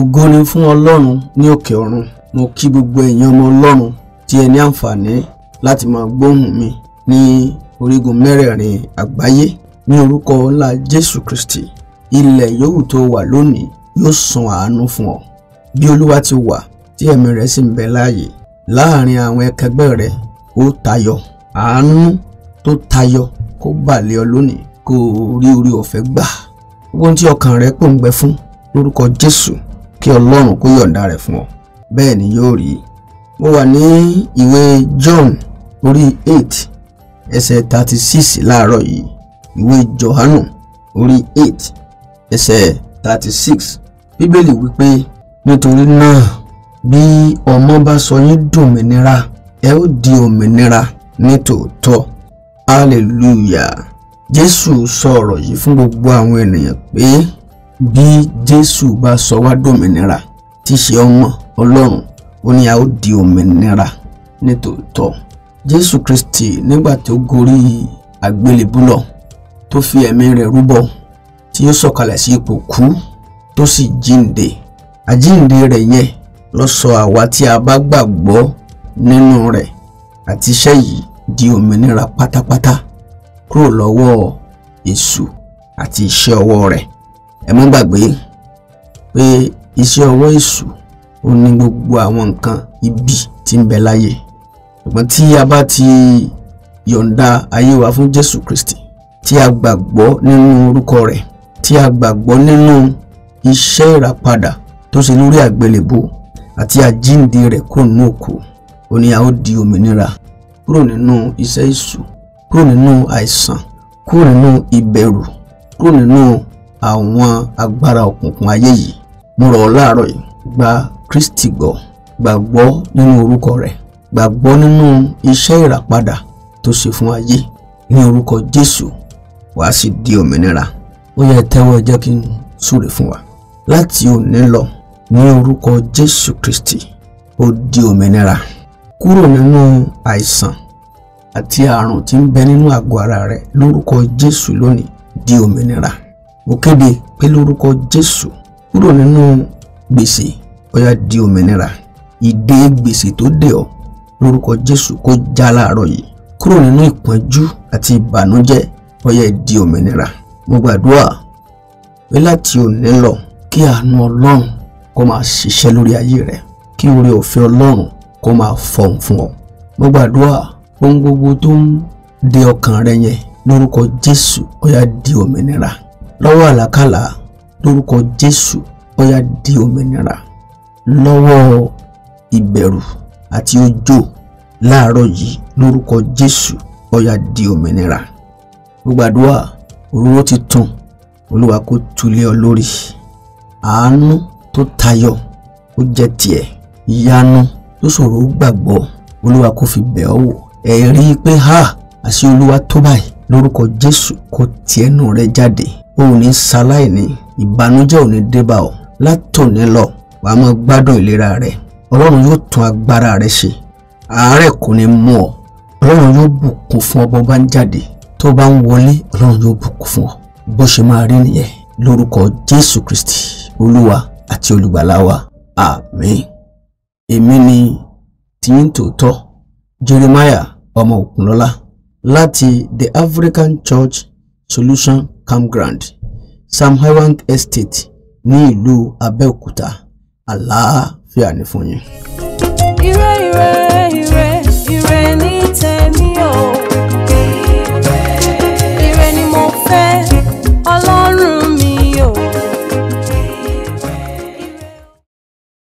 ògo ni fún ọlọ́run ní òkè ọ̀run mo kí gbogbo èèyàn ọmọ ọlọ́run tí ẹ ní àǹfààní láti máa gbóhùn mi ní orígun mẹ́rẹ̀ẹ̀rin àgbáyé ní orúkọ ńlá jésù kristi ilẹ̀ yòówù tó wà lónìí yóò san àánú fún ọ bí olúwa ti wà tí ẹ̀mí rẹ̀ sì ń bẹ láàyè láàrin àwọn ẹkẹgbẹ́ rẹ̀ ó tayọ àánú tó tayọ kó bà lé ọ lónìí kó rí orí ọ̀fẹ́ gbà gbogbo ohun tí ọkàn rẹ̀ pòǹgbẹ fún lórúkọ jésù kí ọlọ́run kó yọ̀ǹda rẹ̀ fún ọ bẹ́ẹ̀ ni yóò rí mo wà ní ìwé John orí eight ẹsẹ̀ thirty six láàárọ̀ yìí ìwé Jòhánù orí eight ẹsẹ̀ thirty six bíbélì wípé nítorí náà bí ọmọ bá sọ yín dòmìnira ẹ ó di òmìnira ní tòótọ́ hallelujah jésù sọ ọ̀rọ̀ yìí fún gbogbo àwọn ènìyàn pé bí jésù bá sọ wá dòmìnira tí ṣe ọmọ ọlọ́run ó ní a ó di òmìnira nítòótọ́ jésù kristi nígbà tó gorí àgbélébúlọ̀ tó fi ẹ̀mí rẹ̀ rúbọ tí ó sọ̀kalẹ̀ sí ipò kú tó sì jíǹde àjíǹde rẹ̀ yẹn ló sọ àwa tí a bá gbàgbọ́ nínú rẹ̀ àti iṣẹ́ yìí di òmìnira pátápátá kúrò lọ́wọ́ èṣù àti iṣẹ́ ọwọ́ rẹ̀ ẹ má gbàgbé pé iṣẹ́ ọwọ́ èṣù ó ní gbogbo àwọn nǹkan ibi tí ń bẹ láyé ṣùgbọ́n tí a bá ti yọ̀ǹda ayé wa fún Jésù Kristi tí a gbàgbọ́ nínú orúkọ rẹ̀ tí a gbàgbọ́ nínú iṣẹ́ ìràpadà tó ṣe lórí àgbélébù àti àjíǹde rẹ̀ kúrò nínú òkú ó ní a ó di òmìnira kúrò nínú iṣẹ́ èṣù kúrò nínú àìsàn kúrò nínú ìbẹ̀rù kúrò nínú àwọn agbára òkùnkùn ayé yìí mo rọ̀ ọ́ láàárọ̀ yìí gba Kristi gbọ́ gbàgbọ́ nínú orúkọ rẹ̀ gbàgbọ́ nínú iṣẹ́ ìràpadà tó ṣe fún ayé ní orúkọ Jésù wàá sì di òmìnira ó yẹ tẹ́wọ́ ẹ jẹ́ kí n súre fún wa láti òní lọ ní orúkọ Jésù Kristi ó di òmìnira kúrò nínú àìsàn àti àrùn tí ń bẹ nínú àgọ́ ara rẹ lórúkọ Jésù lónìí di òmìnira mo kéde pé lórúkọ jésù kúrò nínú gbèsè ó yá di òmìnira ìdè gbèsè tó dè ọ́ lórúkọ jésù kó já láàárọ̀ yìí kúrò nínú ìpọ́njú àti ìbànújẹ́ ó yá di òmìnira mo gbàdúrà pé láti òní lọ kí àánú ọlọ́run kó máa ṣiṣẹ́ lórí ayé rẹ kí oore ọ̀fẹ́ ọlọ́run kó máa fọhùn fún ọ mo gbàdúrà ohun gbogbo tó ń de ọkàn rẹ yẹn lórúkọ jésù ó di òmìnira lọ́wọ́ àlàkàlà lórúkọ Jésù ó yá di òmìnira lọ́wọ́ ìbẹ̀rù àti ojò láàárọ̀ yìí lórúkọ Jésù ó yá di òmìnira mo gbàdúrà òróró titun olúwa kó tulé ọ lórí àánú tó tayọ kó jẹ́ tiẹ̀ ìyanu tó ṣòro gbàgbọ́ olúwa kó fi bẹ̀ ọ́ wò ẹ rí i pé ha àṣẹ olúwa tó báyìí lórúkọ Jésù kó tiẹnu rẹ jáde o ò ní ṣaláìní ìbànújẹ́ ò ní débà ọ́ látòní lọ wàá máa gbádùn ìlera rẹ ọlọ́run yóò tún agbára rẹ ṣe àárẹ̀ kò ní mú ọ ọlọ́run yóò bùkún fún ọ bó bá ń jáde tó bá ń wọlé ọlọ́run yóò bùkún fún ọ bó ṣe máa rí nìyẹn lórúkọ jésù kristi olúwa àti olùgbàlà wa èmi ni tiyín tòótọ́ jeremiah ọmọ òkunlọ́lá láti the african church solution campground sam highland estate ní ìlú abẹ́òkúta àlàáfíà ní fún yín. ire ire ire ire ní tèmi o.